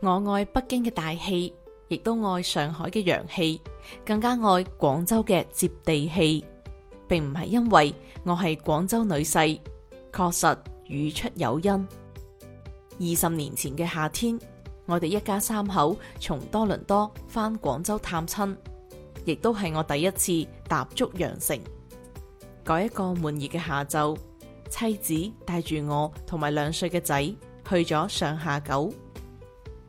我愛北京嘅大氣，亦都愛上海嘅洋氣，更加愛廣州嘅接地氣，並唔係因為我係廣州女婿，確實語出有因。二十年前嘅夏天，我哋一家三口從多倫多返廣州探親，亦都係我第一次踏足羊城。嗰一個悶熱嘅下晝，妻子帶住我同埋兩歲嘅仔去咗上下九。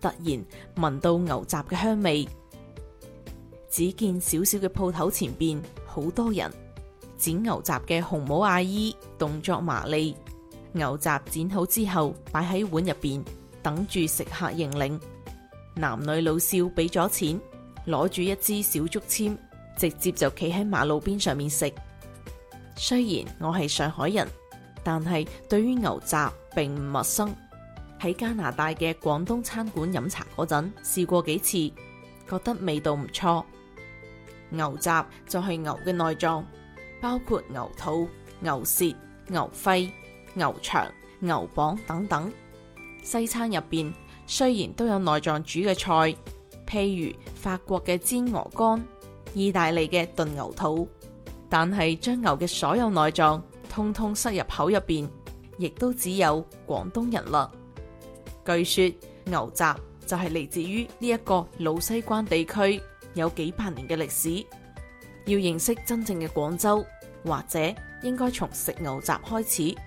突然聞到牛雜嘅香味，只見小小嘅鋪頭前邊好多人，剪牛雜嘅紅帽阿姨動作麻利，牛雜剪好之後擺喺碗入邊，等住食客認領。男女老少俾咗錢，攞住一支小竹籤，直接就企喺馬路邊上面食。雖然我係上海人，但係對於牛雜並唔陌生。喺加拿大嘅廣東餐館飲茶嗰陣，試過幾次，覺得味道唔錯。牛雜就係牛嘅內臟，包括牛肚、牛舌、牛肺、牛腸、牛膀等等。西餐入邊雖然都有內臟煮嘅菜，譬如法國嘅煎鵝肝、意大利嘅燉牛肚，但係將牛嘅所有內臟通通塞入口入邊，亦都只有廣東人啦。據說牛雜就係嚟自於呢一個老西關地區，有幾百年嘅歷史。要認識真正嘅廣州，或者應該從食牛雜開始。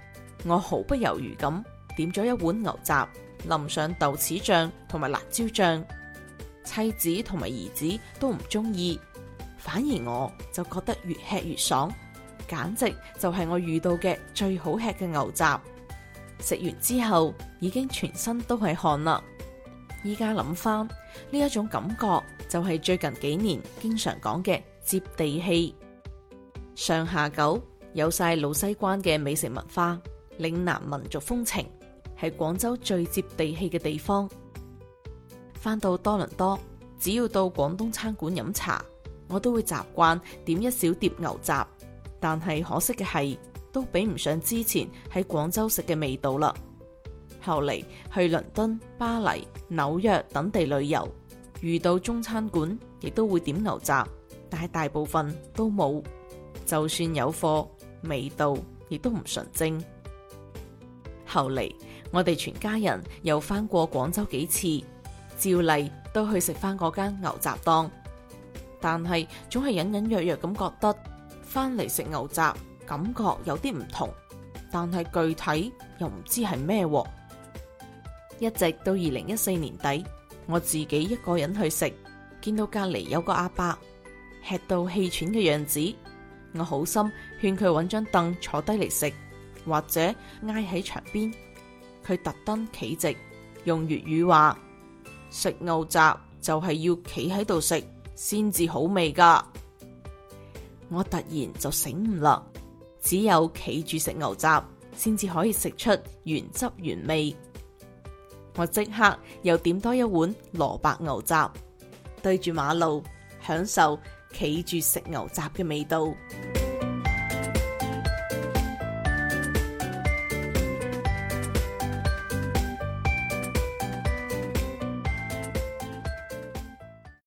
我毫不猶豫咁點咗一碗牛雜，淋上豆豉醬同埋辣椒醬。妻子同埋兒子都唔中意，反而我就覺得越吃越爽，簡直就係我遇到嘅最好吃嘅牛雜。食完之後，已經全身都係汗啦。依家諗翻呢一種感覺，就係最近幾年經常講嘅接地氣。上下九有晒老西關嘅美食文化、嶺南民族風情，係廣州最接地氣嘅地方。返到多倫多，只要到廣東餐館飲茶，我都會習慣點一小碟牛雜，但係可惜嘅係。都比唔上之前喺廣州食嘅味道啦。後嚟去倫敦、巴黎、紐約等地旅遊，遇到中餐館，亦都會點牛雜，但係大部分都冇，就算有貨，味道亦都唔純正。後嚟我哋全家人又翻過廣州幾次，照例都去食翻嗰間牛雜檔，但係總係隱隱約約咁覺得，翻嚟食牛雜。感覺有啲唔同，但係具體又唔知係咩。一直到二零一四年底，我自己一個人去食，見到隔籬有個阿伯，吃到氣喘嘅樣子，我好心勸佢揾張凳坐低嚟食，或者挨喺牆邊。佢特登企直，用粵語話食牛雜就係要企喺度食先至好味㗎。我突然就醒悟啦。只有企住食牛雜，先至可以食出原汁原味。我即刻又點多一碗蘿蔔牛雜，對住馬路享受企住食牛雜嘅味道。